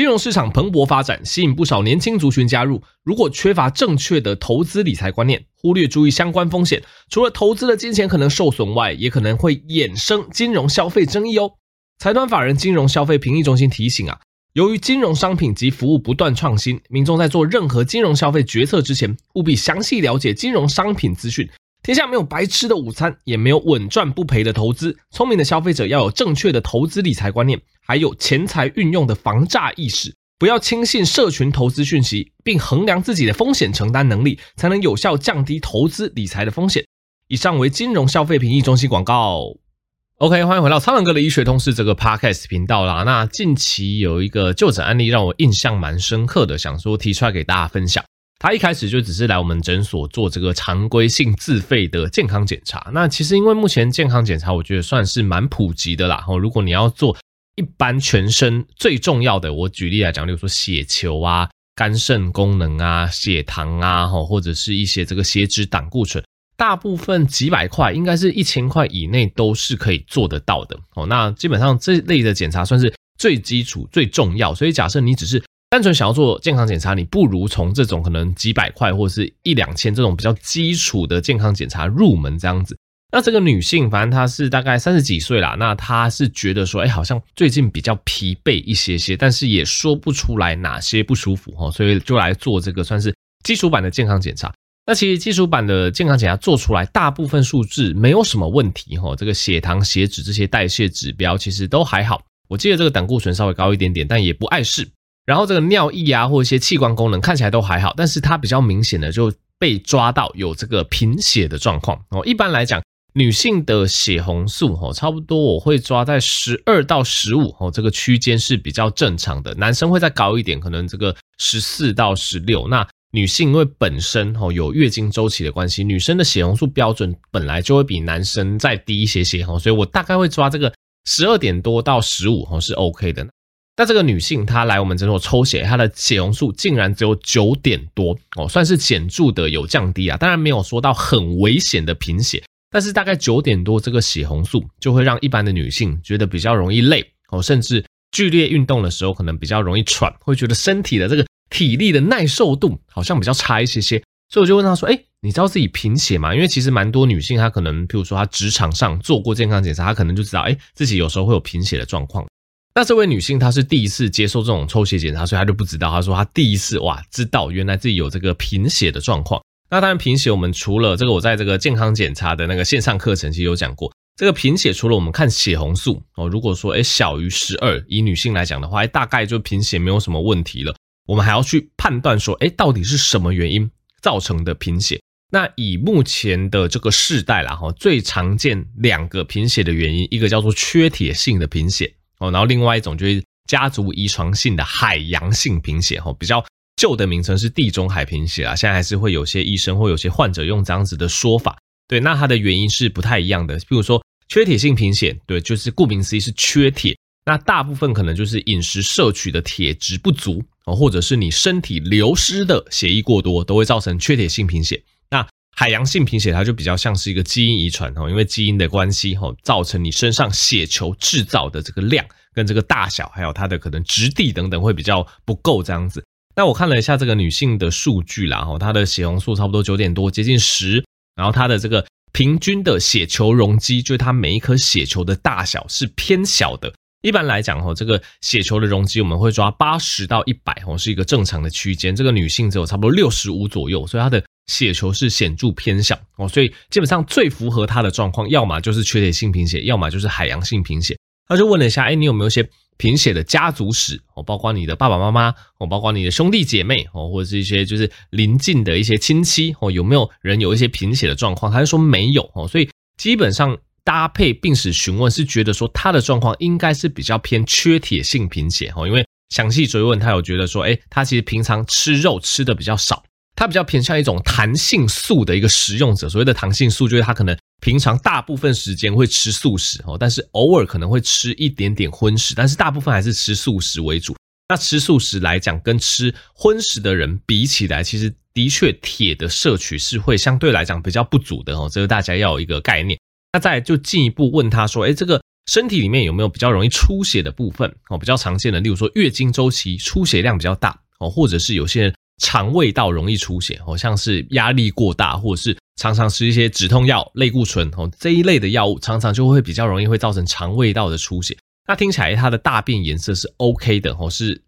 金融市場蓬勃發展，吸引不少年輕族群加入。如果缺乏正確的投資理財觀念，忽略注意相關風險，除了投資的金錢可能受損外，也可能會衍生金融消費爭議哦。財團法人金融消費評議中心提醒啊，由於金融商品及服務不斷創新，民眾在做任何金融消費決策之前，務必詳細了解金融商品資訊。天下沒有白吃的午餐，也沒有穩賺不賠的投資。聰明的消費者要有正確的投資理財觀念，還有錢財運用的防詐意識，不要輕信社群投資訊息，並衡量自己的風險承擔能力，才能有效降低投資理財的風險。以上為金融消費評議中心廣告。OK，歡迎回到蒼藍鴿的醫學通識這個 Podcast 頻道啦。那近期有一個就診案例讓我印象蠻深刻的，想說提出來給大家分享。他一開始就只是來我們診所做這個常規性自費的健康檢查。那其實因為目前健康檢查，我覺得算是蠻普及的啦。吼，如果你要做一般全身最重要的，我舉例來講，例如說血球啊、肝腎功能啊、血糖啊，吼，或者是一些這個血脂、膽固醇，大部分幾百塊，應該是一千塊以內都是可以做得到的。哦，那基本上這類的檢查算是最基礎、最重要。所以假設你只是。單純想要做健康檢查，你不如從這種可能幾百塊或者是一兩千這種比較基礎的健康檢查入門這樣子。那這個女性，反正她是大概三十幾歲啦，那她是覺得說，哎，好像最近比較疲憊一些些，但是也說不出來哪些不舒服哈、哦，所以就來做這個算是基礎版的健康檢查。那其實基礎版的健康檢查做出來，大部分數字沒有什麼問題哈、哦，這個血糖、血脂這些代謝指標其實都還好。我記得這個膽固醇稍微高一點點，但也不礙事。然後這個尿液啊，或一些器官功能看起來都還好，但是它比較明顯的就被抓到有這個貧血的狀況哦。一般來講，女性的血紅素哈，差不多我會抓在十二到十五哦，這個區間是比較正常的。男生會再高一點，可能這個十四到十六。那女性因為本身哦有月經周期的關係，女生的血紅素標準本來就會比男生再低一些些哈，所以我大概會抓這個十二點多到十五哈是 OK 的。那這個女性她來我們診所抽血，她的血紅素竟然只有九點多哦，算是顯著的有降低啊。當然沒有說到很危險的貧血，但是大概九點多這個血紅素就會讓一般的女性覺得比較容易累哦，甚至劇烈運動的時候可能比較容易喘，會覺得身體的這個體力的耐受度好像比較差一些些。所以我就問她說：“哎，你知道自己貧血嗎？”因為其實蠻多女性她可能，譬如說她職場上做過健康檢查，她可能就知道哎，自己有時候會有貧血的狀況。那這位女性她是第一次接受這種抽血檢查，所以她就不知道。她說她第一次哇，知道原來自己有這個貧血的狀況。那當然，貧血我們除了這個，我在這個健康檢查的那個線上課程其實有講過，這個貧血除了我們看血紅素哦，如果說哎、欸、小於十二，以女性來講的話、欸，大概就貧血沒有什麼問題了。我們還要去判斷說，哎、欸，到底是什麼原因造成的貧血？那以目前的這個世代啦，哈，最常見兩個貧血的原因，一個叫做缺鐵性的貧血。哦，然後另外一種就是家族遺傳性的海洋性貧血，喔，比較舊的名稱是地中海貧血啊，現在還是會有些醫生或有些患者用這樣子的說法。對，那它的原因是不太一樣的，比如說缺鐵性貧血，對，就是顧名思義是缺鐵，那大部分可能就是飲食攝取的鐵質不足，哦，或者是你身體流失的血液過多，都會造成缺鐵性貧血。海洋性貧血，它就比較像是一個基因遺傳哦，因為基因的關係哦，造成你身上血球製造的這個量跟這個大小，還有它的可能質地等等，會比較不夠這樣子。那我看了一下這個女性的數據啦，哈，她的血紅素差不多九點多，接近十，然後她的這個平均的血球容積，就是它每一顆血球的大小是偏小的。一般來講，齁，這個血球的容積我們會抓八十到一百，哦，是一個正常的區間。這個女性只有差不多六十五左右，所以她的血球是顯著偏小，哦，所以基本上最符合她的狀況，要麼就是缺鐵性貧血，要麼就是海洋性貧血。他就問了一下，哎、欸，你有沒有一些貧血的家族史？哦，包括你的爸爸媽媽，哦，包括你的兄弟姐妹，哦，或者是一些就是臨近的一些親戚，哦，有沒有人有一些貧血的狀況？他就說沒有，哦，所以基本上。搭配病史詢問，是覺得說他的狀況應該是比較偏缺鐵性貧血哦，因為詳細追問，他有覺得說，哎，他其實平常吃肉吃的比較少，他比較偏向一種彈性素的一個食用者。所謂的彈性素，就是他可能平常大部分時間會吃素食哦，但是偶爾可能會吃一點點葷食，但是大部分還是吃素食為主。那吃素食來講，跟吃葷食的人比起來，其實的確鐵的攝取是會相對來講比較不足的哦，這個大家要有一個概念。那再來就進一步問他說，哎，這個身體裡面有沒有比較容易出血的部分？哦，比較常見的，例如說月經週期出血量比較大哦，或者是有些人腸胃道容易出血哦，像是壓力過大，或者是常常吃一些止痛藥、類固醇哦這一類的藥物，常常就會比較容易會造成腸胃道的出血。那聽起來他的大便顏色是 OK 的哦，是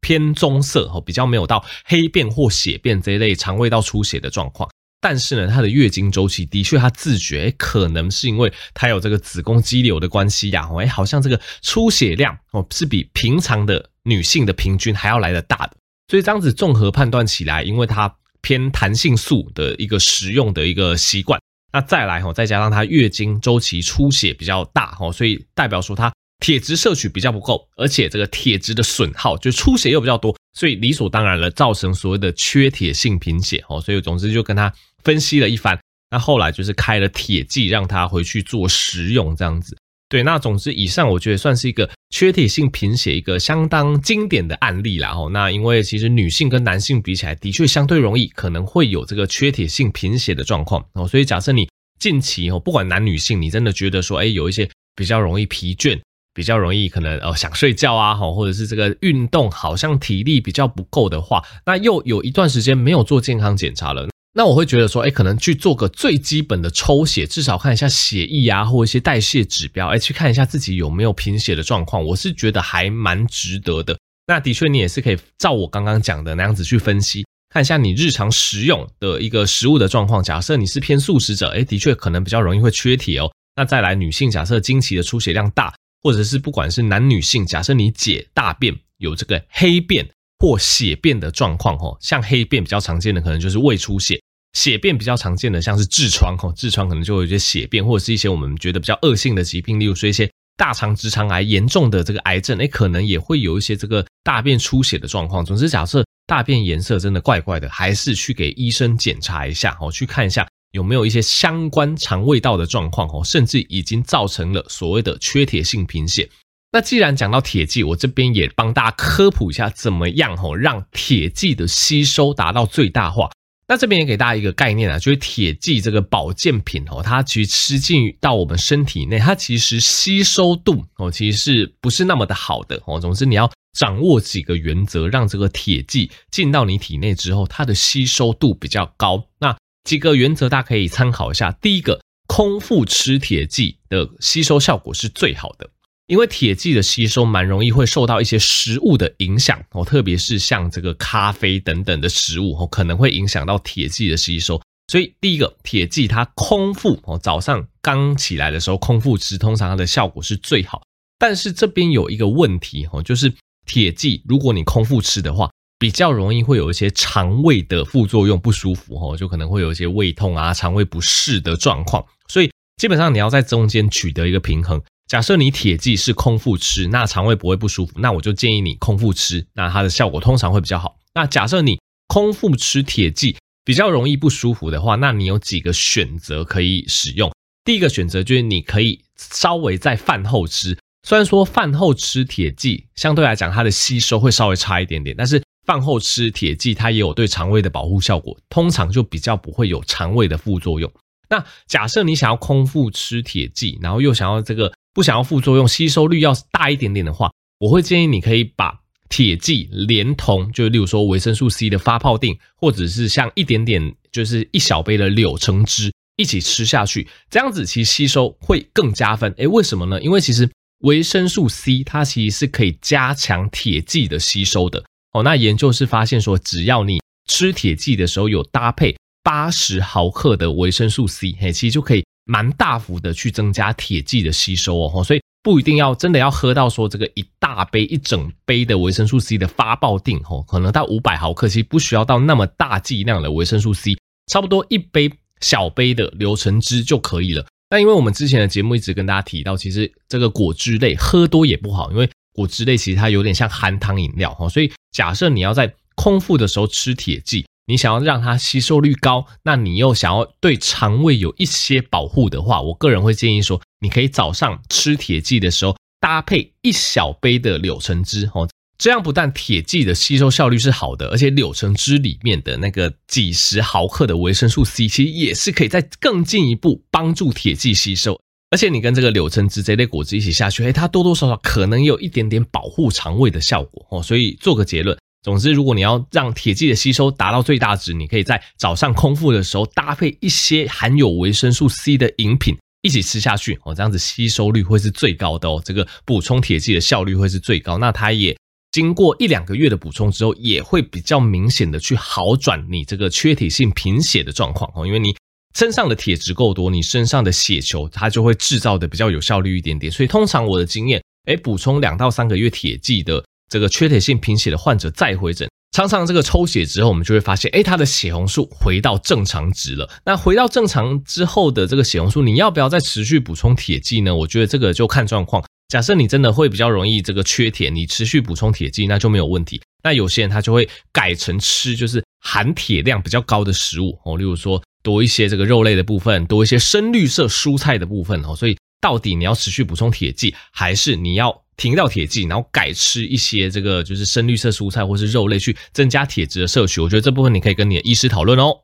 偏棕色哦，比較沒有到黑便或血便這一類腸胃道出血的狀況。但是呢，她的月經週期的確，她自覺可能是因為她有這個子宮肌瘤的關係呀。哎，好像這個出血量哦，是比平常的女性的平均還要來得大的。所以這樣子綜合判斷起來，因為她偏彈性素的一個食用的一個習慣，那再來哈，再加上她月經週期出血比較大哈，所以代表說她鐵質攝取比較不夠，而且這個鐵質的損耗就出血又比較多。所以理所當然了，造成所謂的缺鐵性貧血哦。所以總之就跟他分析了一番，那後來就是開了鐵劑讓他回去做食用這樣子。對，那總之以上我覺得算是一個缺鐵性貧血一個相當經典的案例啦，那因為其實女性跟男性比起來，的確相對容易可能會有這個缺鐵性貧血的狀況哦。所以假設你近期，不管男女性，你真的覺得說，誒，有一些比較容易疲倦。比較容易，可能呃想睡覺啊哈，或者是這個運動好像體力比較不夠的話，那又有一段時間沒有做健康檢查了，那我會覺得說，哎、欸，可能去做個最基本的抽血，至少看一下血液啊，或一些代謝指標，哎、欸，去看一下自己有沒有貧血的狀況，我是覺得還蠻值得的。那的確你也是可以照我剛剛講的那樣子去分析，看一下你日常食用的一個食物的狀況。假設你是偏素食者，哎、欸，的確可能比較容易會缺鐵哦。那再來女性，假設經期的出血量大，或者是不管是男女性，假設你解大便有這個黑便或血便的狀況，哈，像黑便比較常見的可能就是胃出血，血便比較常見的像是痔瘡，哈，痔瘡可能就會有些血便，或者是一些我們覺得比較惡性的疾病，例如說一些大腸、直腸癌，嚴重的這個癌症，哎、欸，可能也會有一些這個大便出血的狀況。總之，假設大便顏色真的怪怪的，還是去給醫生檢查一下，哦，去看一下。有沒有一些相關腸胃道的狀況哦？甚至已經造成了所謂的缺鐵性貧血。那既然講到鐵劑，我這邊也幫大家科普一下，怎麼樣哦讓鐵劑的吸收達到最大化。那這邊也給大家一個概念啊，就是鐵劑這個保健品哦，它其實吃進到我們身體內，它其實吸收度哦其實是不是那麼的好的哦。總之你要掌握幾個原則，讓這個鐵劑進到你體內之後，它的吸收度比較高。那幾個原則，大家可以參考一下。第一個，空腹吃鐵劑的吸收效果是最好的，因為鐵劑的吸收蠻容易會受到一些食物的影響哦，特別是像這個咖啡等等的食物哦，可能會影響到鐵劑的吸收。所以第一個，鐵劑它空腹哦，早上剛起來的時候空腹吃，通常它的效果是最好。但是這邊有一個問題哦，就是鐵劑如果你空腹吃的話。比較容易會有一些腸胃的副作用，不舒服吼、哦，就可能會有一些胃痛啊、腸胃不適的狀況。所以基本上你要在中間取得一個平衡。假設你鐵劑是空腹吃，那腸胃不會不舒服，那我就建議你空腹吃，那它的效果通常會比較好。那假設你空腹吃鐵劑比較容易不舒服的話，那你有幾個選擇可以使用。第一個選擇就是你可以稍微在飯後吃，雖然說飯後吃鐵劑相對來講它的吸收會稍微差一點點，但是。飯後吃鐵劑，它也有對腸胃的保護效果，通常就比較不會有腸胃的副作用。那假設你想要空腹吃鐵劑，然後又想要這個不想要副作用，吸收率要大一點點的話，我會建議你可以把鐵劑連同，就例如說維生素 C 的發泡錠，或者是像一點點就是一小杯的柳橙汁一起吃下去，這樣子其實吸收會更加分。哎，為什麼呢？因為其實維生素 C 它其實是可以加強鐵劑的吸收的。哦，那研究是發現說，只要你吃鐵劑的時候有搭配八十毫克的維生素 C，嘿，其實就可以蠻大幅的去增加鐵劑的吸收哦。所以不一定要真的要喝到說這個一大杯一整杯的維生素 C 的發泡錠吼，哦，可能到五百毫克，其實不需要到那麼大劑量的維生素 C，差不多一杯小杯的檸檬汁就可以了。那因為我們之前的節目一直跟大家提到，其實這個果汁類喝多也不好，因為。果汁類其實它有點像含糖飲料哦，所以假設你要在空腹的時候吃鐵劑，你想要讓它吸收率高，那你又想要對腸胃有一些保護的話，我個人會建議說，你可以早上吃鐵劑的時候搭配一小杯的柳橙汁哦，這樣不但鐵劑的吸收效率是好的，而且柳橙汁裡面的那個幾十毫克的維生素 C，其實也是可以再更進一步幫助鐵劑吸收。而且你跟這個柳橙汁這類果汁一起下去，哎、欸，它多多少少可能有一點點保護腸胃的效果哦。所以做個結論，總之，如果你要讓鐵劑的吸收達到最大值，你可以在早上空腹的時候搭配一些含有維生素 C 的飲品一起吃下去哦，這樣子吸收率會是最高的哦、喔。這個補充鐵劑的效率會是最高，那它也經過一兩個月的補充之後，也會比較明顯的去好轉你這個缺鐵性貧血的狀況哦，因為你。身上的鐵質夠多，你身上的血球它就會製造的比較有效率一點點。所以通常我的經驗，哎、欸，補充兩到三個月鐵劑的這個缺鐵性貧血的患者再回診，常常這個抽血之後，我們就會發現，哎、欸，他的血紅素回到正常值了。那回到正常之後的這個血紅素，你要不要再持續補充鐵劑呢？我覺得這個就看狀況。假設你真的會比較容易這個缺鐵，你持續補充鐵劑那就沒有問題。那有些人他就會改成吃就是含鐵量比較高的食物哦，例如說。多一些這個肉類的部分，多一些深綠色蔬菜的部分哦。所以到底你要持續補充鐵劑，還是你要停掉鐵劑，然後改吃一些這個就是深綠色蔬菜或是肉類去增加鐵質的攝取？我覺得這部分你可以跟你的醫師討論哦。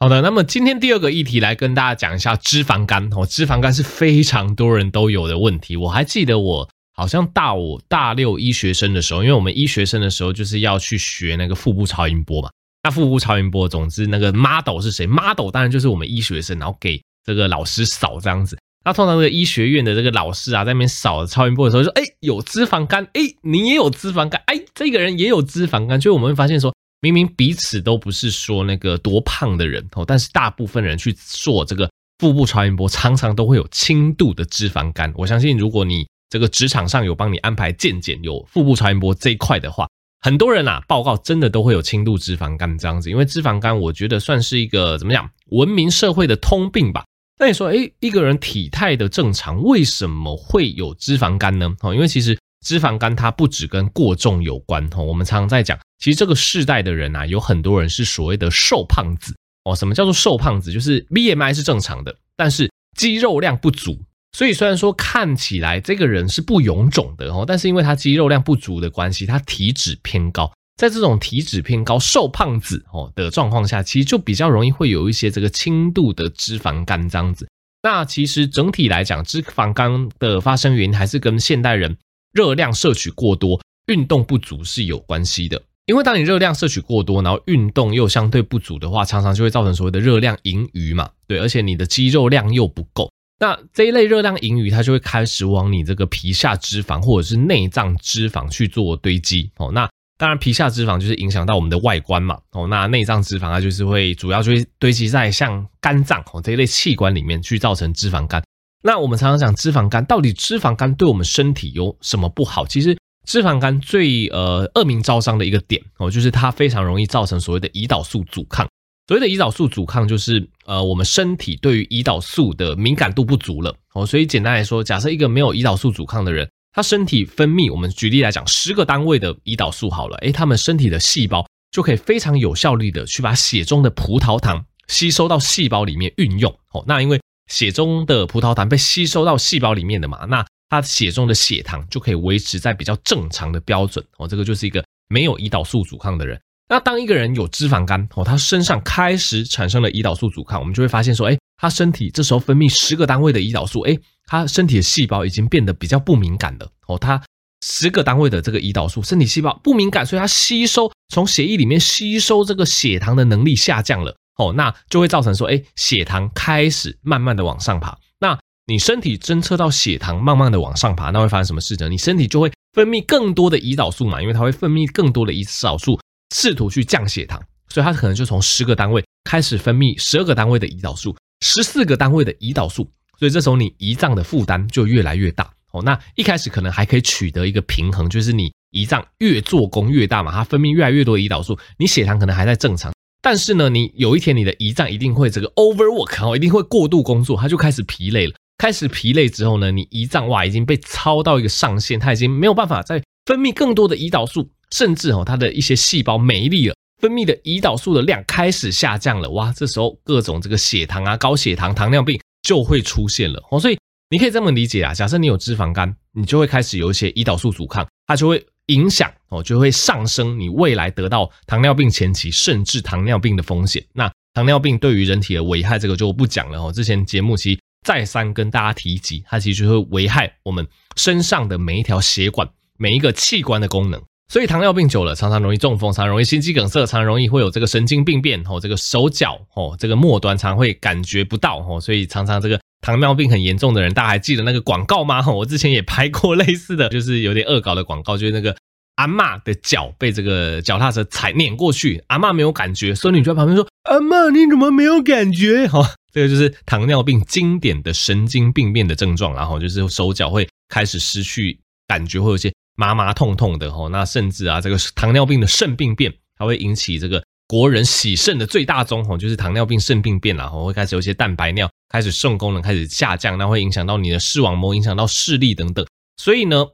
好的，那麼今天第二個議題來跟大家講一下脂肪肝哦。脂肪肝是非常多人都有的問題。我還記得我好像大五、大六醫學生的時候，因為我們醫學生的時候就是要去學那個腹部超音波嘛。那腹部超音波，總之那個 model 是誰？model 當然就是我們醫學生，然後給這個老師掃這樣子。那通常這個醫學院的這個老師啊，在那邊掃超音波的時候就說：“哎，有脂肪肝，哎，你也有脂肪肝，哎，這個人也有脂肪肝。”所以我們會發現說，明明彼此都不是說那個多胖的人哦，但是大部分人去做這個腹部超音波，常常都會有輕度的脂肪肝。我相信，如果你這個職場上有幫你安排健檢，有腹部超音波這一塊的話。很多人吶、啊，報告真的都會有輕度脂肪肝這樣子，因為脂肪肝我覺得算是一個怎麼講，文明社會的通病吧。那你說，哎，一個人體態的正常，為什麼會有脂肪肝呢？哦，因為其實脂肪肝它不只跟過重有關哦。我們常常在講，其實這個世代的人啊，有很多人是所謂的瘦胖子哦。什麼叫做瘦胖子？就是 BMI 是正常的，但是肌肉量不足。所以雖然說看起來這個人是不臃腫的哦，但是因為他肌肉量不足的關係，他體脂偏高。在這種體脂偏高、瘦胖子哦的狀況下，其實就比較容易會有一些這個輕度的脂肪肝這樣子。那其實整體來講，脂肪肝的發生原因還是跟現代人熱量攝取過多、運動不足是有關係的。因為當你熱量攝取過多，然後運動又相對不足的話，常常就會造成所謂的熱量盈餘嘛。對，而且你的肌肉量又不夠。那這一類熱量盈餘，它就會開始往你這個皮下脂肪或者是內臟脂肪去做堆積哦。那當然，皮下脂肪就是影響到我們的外觀嘛哦。那內臟脂肪它就是會主要就會堆積在像肝臟哦這一類器官裡面，去造成脂肪肝。那我們常常講脂肪肝，到底脂肪肝對我們身體有什麼不好？其實脂肪肝最呃惡名昭彰的一個點哦，就是它非常容易造成所謂的胰島素阻抗。所謂的胰島素阻抗，就是呃，我們身體對於胰島素的敏感度不足了。哦，所以簡單來說，假設一個沒有胰島素阻抗的人，他身體分泌，我們舉例來講，十個單位的胰島素好了，誒、欸，他們身體的細胞就可以非常有效率的去把血中的葡萄糖吸收到細胞裡面運用。哦，那因為血中的葡萄糖被吸收到細胞裡面的嘛，那他血中的血糖就可以維持在比較正常的標準。哦，這個就是一個沒有胰島素阻抗的人。那當一個人有脂肪肝哦，他身上開始產生了胰島素阻抗，我們就會發現說，哎、欸，他身體這時候分泌十個單位的胰島素，哎、欸，他身體的細胞已經變得比較不敏感了哦，他十個單位的這個胰島素，身體細胞不敏感，所以他吸收從血液裡面吸收這個血糖的能力下降了哦，那就會造成說，哎、欸，血糖開始慢慢的往上爬。那你身體偵測到血糖慢慢的往上爬，那會發生什麼事呢？你身體就會分泌更多的胰島素嘛，因為它會分泌更多的胰島素。試圖去降血糖，所以它可能就從十個單位開始分泌十二個單位的胰島素，十四個單位的胰島素，所以這時候你胰臟的負擔就越來越大。哦，那一開始可能還可以取得一個平衡，就是你胰臟越做工越大嘛，它分泌越來越多的胰島素，你血糖可能還在正常。但是呢，你有一天你的胰臟一定會這個 overwork，哦，一定會過度工作，它就開始疲累了。開始疲累之後呢，你胰臟哇已經被超到一個上限，它已經沒有辦法再。分泌更多的胰島素，甚至哦，它的一些細胞沒力了，分泌的胰島素的量開始下降了。哇，這時候各種這個血糖啊、高血糖、糖尿病就會出現了。哦，所以你可以這麼理解啊，假設你有脂肪肝，你就會開始有一些胰島素阻抗，它就會影響哦，就會上升你未來得到糖尿病前期甚至糖尿病的風險。那糖尿病對於人體的危害，這個就不講了哦。之前節目其實再三跟大家提及，它其實就會危害我們身上的每一條血管。每一個器官的功能，所以糖尿病久了，常常容易中風，常容易心肌梗塞，常容易會有這個神經病變。吼，這個手腳哦，這個末端常，常會感覺不到。哦，所以常常這個糖尿病很嚴重的人，大家還記得那個廣告嗎？我之前也拍過類似的就是有點惡搞的廣告，就是那個阿嬤的腳被這個腳踏車踩碾過去，阿嬤沒有感覺，孫女就在旁邊說：“阿嬤，你怎麼沒有感覺？”吼，這個就是糖尿病經典的神經病變的症狀。然後就是手腳會開始失去感覺，會有些。麻麻痛痛的吼，那甚至啊，這個糖尿病的腎病變，它會引起這個國人洗腎的最大宗吼，就是糖尿病腎病變啦、啊、吼，會開始有一些蛋白尿，開始腎功能開始下降，那會影響到你的視網膜，影響到視力等等。所以呢，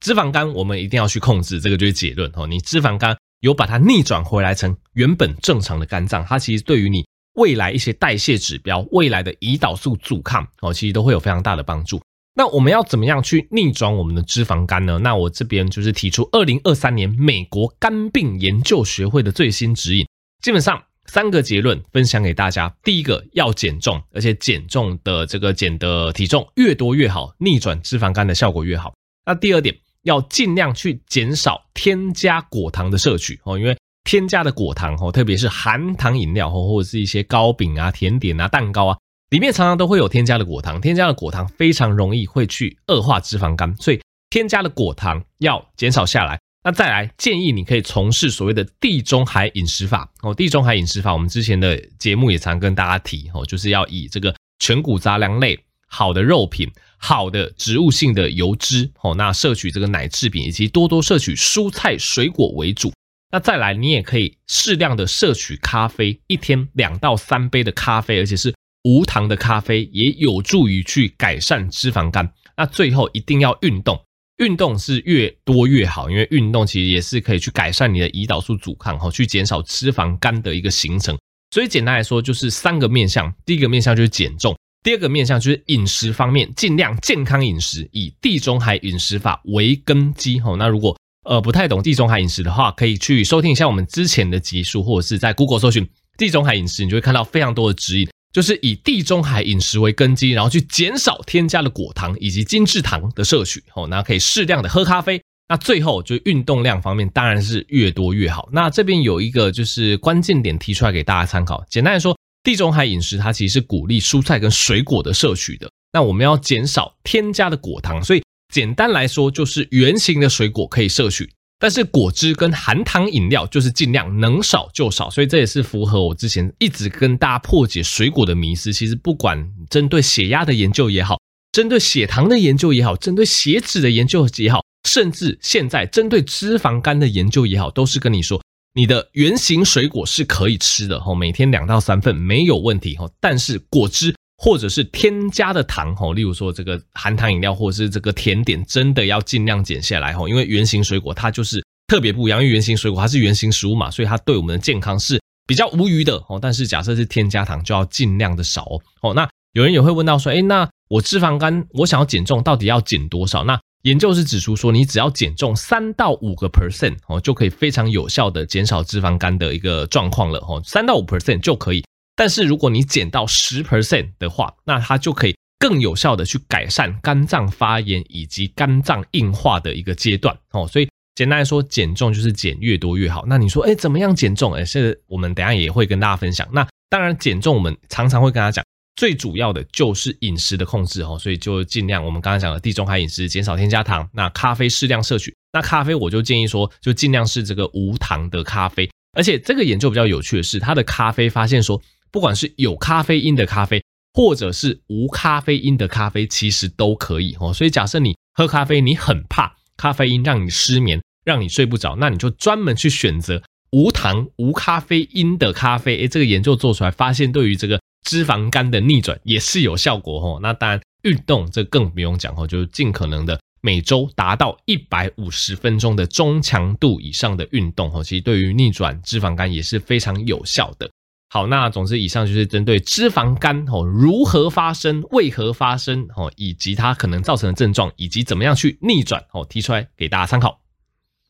脂肪肝我們一定要去控制，這個就是結論吼。你脂肪肝有把它逆轉回來成原本正常的肝臟，它其實對於你未來一些代謝指標，未來的胰島素阻抗哦，其實都會有非常大的幫助。那我們要怎麼樣去逆轉我們的脂肪肝呢？那我這邊就是提出二零二三年美國肝病研究學會的最新指引，基本上三個結論分享給大家。第一個要減重，而且減重的這個減的體重越多越好，逆轉脂肪肝的效果越好。那第二點要盡量去減少添加果糖的攝取哦，因為添加的果糖哦，特別是含糖飲料哦，或者是一些糕餅啊、甜點啊、蛋糕啊。裡面常常都會有添加的果糖，添加的果糖非常容易會去惡化脂肪肝，所以添加的果糖要減少下來。那再來建議你可以從事所謂的地中海飲食法哦，地中海飲食法我們之前的節目也常跟大家提哦，就是要以這個全穀雜糧類、好的肉品、好的植物性的油脂哦，那攝取這個奶製品以及多多攝取蔬菜水果為主。那再來你也可以適量的攝取咖啡，一天兩到三杯的咖啡，而且是。無糖的咖啡也有助於去改善脂肪肝。那最後一定要運動，運動是越多越好，因為運動其實也是可以去改善你的胰島素阻抗，哈，去減少脂肪肝的一個形成。所以簡單來說，就是三個面向：第一個面向就是減重，第二個面向就是飲食方面，盡量健康飲食，以地中海飲食法為根基。哈，那如果呃不太懂地中海飲食的話，可以去收聽一下我們之前的集數，或者是在 Google 搜尋地中海飲食，你就會看到非常多的指引。就是以地中海飲食為根基，然後去減少添加的果糖以及精制糖的攝取，好，那可以適量的喝咖啡，那最後就運動量方面，當然是越多越好。那這邊有一個就是關鍵點提出來給大家參考。簡單來說，地中海飲食它其實是鼓勵蔬菜跟水果的攝取的。那我們要減少添加的果糖，所以簡單來說就是原型的水果可以攝取。但是果汁跟含糖飲料就是盡量能少就少，所以這也是符合我之前一直跟大家破解水果的迷思。其實不管針對血壓的研究也好，針對血糖的研究也好，針對血脂的研究也好，甚至現在針對脂肪肝的研究也好，都是跟你說你的原型水果是可以吃的哈，每天兩到三份沒有問題哈。但是果汁。或者是添加的糖哦，例如說這個含糖飲料，或者是這個甜點，真的要盡量減下來哦。因為原型水果它就是特別不一樣，因為原型水果它是原型食物嘛，所以它對我們的健康是比較無虞的哦。但是假設是添加糖，就要盡量的少哦。那有人也會問到說，哎、欸，那我脂肪肝，我想要減重，到底要減多少？那研究是指出說，你只要減重三到五個 percent 哦，就可以非常有效的減少脂肪肝的一個狀況了哦，三到五 percent 就可以。但是如果你減到十 percent 的話，那它就可以更有效的去改善肝臟發炎以及肝臟硬化的一個階段哦。所以簡單來說，減重就是減越多越好。那你說，哎、欸，怎麼樣減重？哎、欸，現在我們等一下也會跟大家分享。那當然，減重我們常常會跟大家講，最主要的就是飲食的控制哦。所以就盡量我們剛才講的地中海飲食，減少添加糖。那咖啡適量攝取。那咖啡我就建議說，就盡量是這個無糖的咖啡。而且這個研究比較有趣的是，它的咖啡發現說。不管是有咖啡因的咖啡，或者是無咖啡因的咖啡，其實都可以哦。所以假設你喝咖啡，你很怕咖啡因讓你失眠，讓你睡不着，那你就專門去選擇無糖、無咖啡因的咖啡。誒，這個研究做出來，發現對於這個脂肪肝的逆轉也是有效果哦。那當然，運動這更不用講哦，就是盡可能的每周達到一百五十分鐘的中強度以上的運動哦。其實對於逆轉脂肪肝也是非常有效的。好，那總之以上就是針對脂肪肝哦，如何發生、為何發生哦，以及它可能造成的症狀，以及怎麼樣去逆轉哦，提出來給大家參考。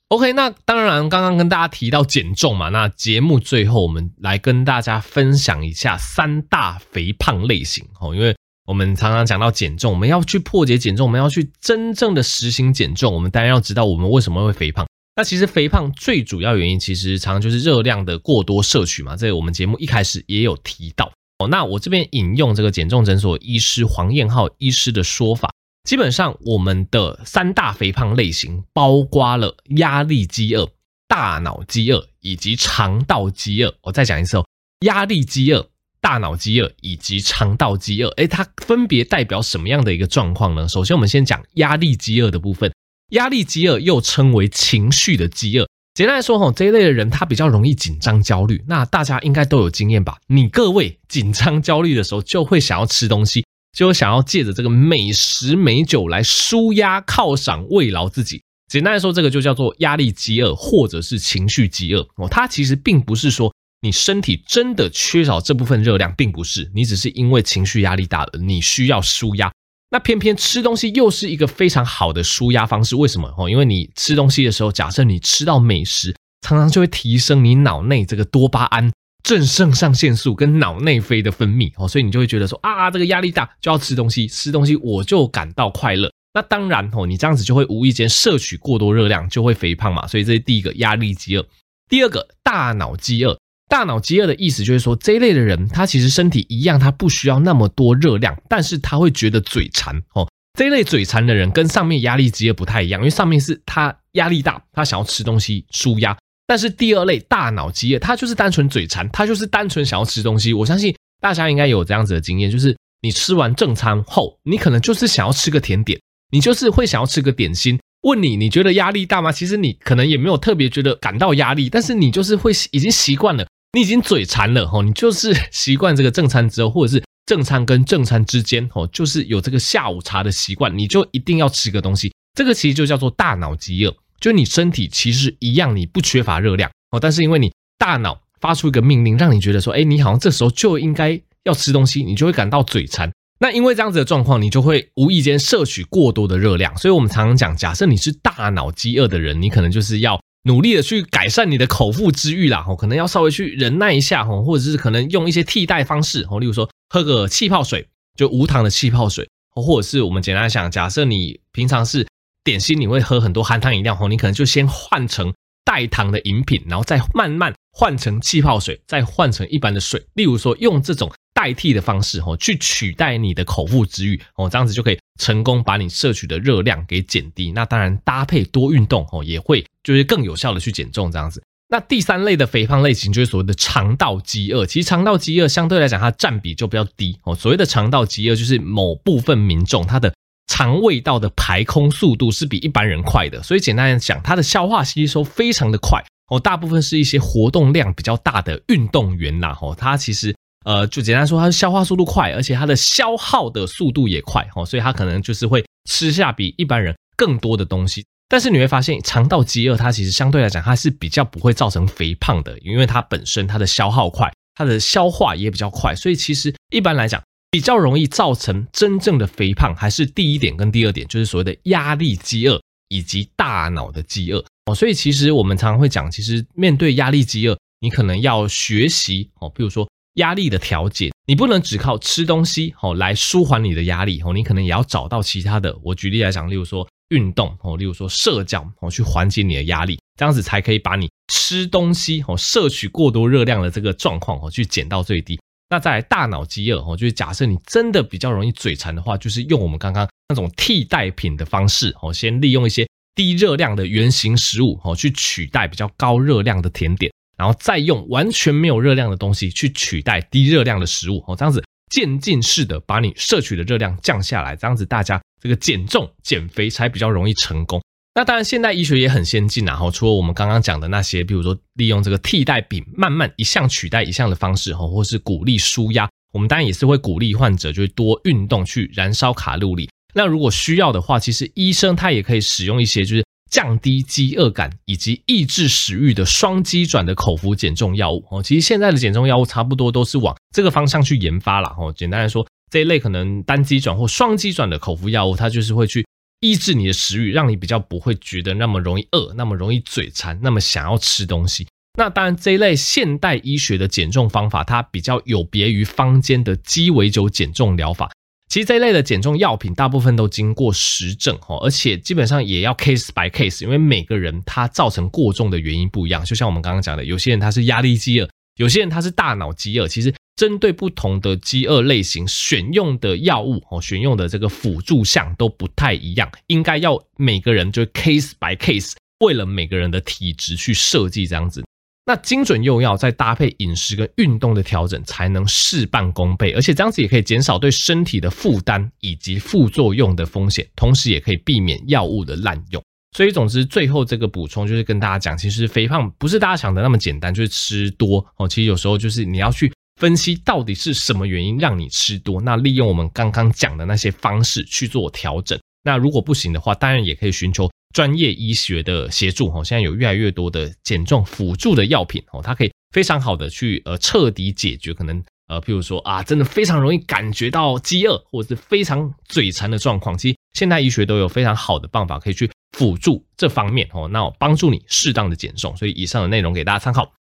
OK，那當然剛剛跟大家提到減重嘛，那節目最後我們來跟大家分享一下三大肥胖類型哦，因為我們常常講到減重，我們要去破解減重，我們要去真正的實行減重，我們當然要知道我們為什麼會肥胖。那其實肥胖最主要原因，其實常常就是熱量的過多攝取嘛。這個、我們節目一開始也有提到哦。那我這邊引用這個減重診所醫師黃燕浩醫師的說法，基本上我們的三大肥胖類型，包括了壓力飢餓、大腦飢餓以及腸道飢餓。我、哦、再講一次，哦，壓力飢餓、大腦飢餓以及腸道飢餓。誒，它分別代表什麼樣的一個狀況呢？首先，我們先講壓力飢餓的部分。壓力飢餓又稱為情緒的飢餓。簡單來說，齁這一類的人他比較容易緊張焦慮。那大家應該都有經驗吧？你各位緊張焦慮的時候，就會想要吃東西，就會想要借着這個美食美酒來舒壓、犒賞、慰勞自己。簡單來說，這個就叫做壓力飢餓，或者是情緒飢餓。哦，它其實並不是說你身體真的缺少這部分熱量，並不是，你只是因為情緒壓力大了，你需要舒壓。那偏偏吃東西又是一個非常好的舒壓方式，為什麼？因為你吃東西的時候，假設你吃到美食，常常就會提升你腦內這個多巴胺、正腎上腺素跟腦內啡的分泌，哦，所以你就會覺得說啊，這個壓力大就要吃東西，吃東西我就感到快樂。那當然，哦，你這樣子就會無意間攝取過多熱量，就會肥胖嘛。所以這是第一個壓力飢餓，第二個大腦飢餓。大腦飢餓的意思就是說，這一類的人他其實身體一樣，他不需要那麼多熱量，但是他會覺得嘴饞哦。這一類嘴饞的人跟上面壓力飢餓不太一樣，因為上面是他壓力大，他想要吃東西舒壓。但是第二類大腦飢餓，他就是單純嘴饞，他就是單純想要吃東西。我相信大家應該有這樣子的經驗，就是你吃完正餐後，你可能就是想要吃個甜點，你就是會想要吃個點心。問你，你覺得壓力大嗎？其實你可能也沒有特別覺得感到壓力，但是你就是會已經習慣了。你已經嘴饞了，吼，你就是習慣這個正餐之後，或者是正餐跟正餐之間，哦，就是有這個下午茶的習慣，你就一定要吃個東西。這個其實就叫做大腦飢餓，就你身體其實一樣，你不缺乏熱量，哦，但是因為你大腦發出一個命令，讓你覺得說，誒、哎，你好像這時候就應該要吃東西，你就會感到嘴饞。那因為這樣子的狀況，你就會無意間攝取過多的熱量。所以我們常常講，假設你是大腦飢餓的人，你可能就是要。努力的去改善你的口腹之慾啦，哈，可能要稍微去忍耐一下，哈，或者是可能用一些替代方式，例如說喝個氣泡水，就無糖的氣泡水，或者是我們簡單想，假設你平常是點心你會喝很多含糖飲料，哈，你可能就先換成代糖的飲品，然後再慢慢換成氣泡水，再換成一般的水，例如說用這種。代替的方式哦，去取代你的口腹之欲哦，這樣子就可以成功把你攝取的熱量給減低。那當然搭配多運動哦，也會就是更有效的去減重。這樣子，那第三類的肥胖類型就是所謂的腸道飢餓。其實腸道飢餓相對來講，它占比就比較低哦。所謂的腸道飢餓就是某部分民眾他的腸胃道的排空速度是比一般人快的，所以簡單來講，它的消化吸收非常的快哦。大部分是一些活動量比較大的運動員啦，哦，他其實。呃，就簡單說，它消化速度快，而且它的消耗的速度也快，哦，所以它可能就是會吃下比一般人更多的東西。但是你會發現，腸道飢餓它其實相對來講，它是比較不會造成肥胖的，因為它本身它的消耗快，它的消化也比較快，所以其實一般來講，比較容易造成真正的肥胖，還是第一點跟第二點，就是所謂的壓力飢餓以及大腦的飢餓，哦，所以其實我們常常會講，其實面對壓力飢餓，你可能要學習，哦，比如說。壓力的調節，你不能只靠吃東西哦來舒緩你的壓力哦，你可能也要找到其他的。我舉例來講，例如說運動哦，例如說社交哦，去緩解你的壓力，這樣子才可以把你吃東西哦攝取過多熱量的這個狀況哦去減到最低。那再來大腦飢餓哦，就是假設你真的比較容易嘴饞的話，就是用我們剛剛那種替代品的方式哦，先利用一些低熱量的原型食物哦去取代比較高熱量的甜點。然後再用完全沒有熱量的東西去取代低熱量的食物，哦，這樣子漸進式的把你攝取的熱量降下來，這樣子大家這個減重減肥才比較容易成功。那當然現代醫學也很先進啊，哈，除了我們剛剛講的那些，比如說利用這個替代品，慢慢一項取代一項的方式，哈，或是鼓勵舒壓，我們當然也是會鼓勵患者就是多運動去燃燒卡路里。那如果需要的話，其實醫生他也可以使用一些就是。降低飢餓感以及抑制食欲的雙機轉的口服減重藥物哦，其實現在的減重藥物差不多都是往這個方向去研發啦哦。簡單來說，這一類可能單機轉或雙機轉的口服藥物，它就是會去抑制你的食欲，讓你比較不會覺得那麼容易餓，那麼容易嘴饞，那麼想要吃東西。那當然，這一類現代醫學的減重方法，它比較有別於坊間的雞尾酒減重療法。其實這一類的減重藥品大部分都經過實證哦，而且基本上也要 case by case，因為每個人他造成過重的原因不一樣。就像我們剛剛講的，有些人他是壓力飢餓，有些人他是大腦飢餓。其實針對不同的飢餓類型，選用的藥物哦，選用的這個輔助項都不太一樣，應該要每個人就 case by case，為了每個人的體質去設計這樣子。那精準用藥，再搭配飲食跟運動的調整，才能事半功倍。而且這樣子也可以減少對身體的負擔以及副作用的風險，同時也可以避免藥物的濫用。所以，總之，最後這個補充就是跟大家講，其實肥胖不是大家想的那麼簡單，就是吃多哦。其實有時候就是你要去分析到底是什麼原因讓你吃多。那利用我們剛剛講的那些方式去做調整。那如果不行的話，當然也可以尋求，專業醫學的協助哈，現在有越來越多的減重輔助的藥品哦，它可以非常好的去呃徹底解決可能呃，譬如說啊，真的非常容易感覺到飢餓或者是非常嘴饞的狀況。其實現代醫學都有非常好的辦法可以去輔助這方面哦，那我幫助你適當的減重。所以以上的內容給大家參考。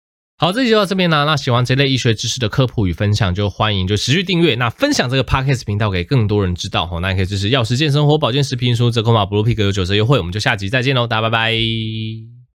好，這集就到這邊啦。那喜歡這類醫學知識的科普與分享，就歡迎就持續訂閱。那分享這個 podcast 頻道給更多人知道。那也可以支持藥師健生活保健食品輸入折扣碼 bluepig 有九折優惠。我們就下集再見嘍，大家拜拜。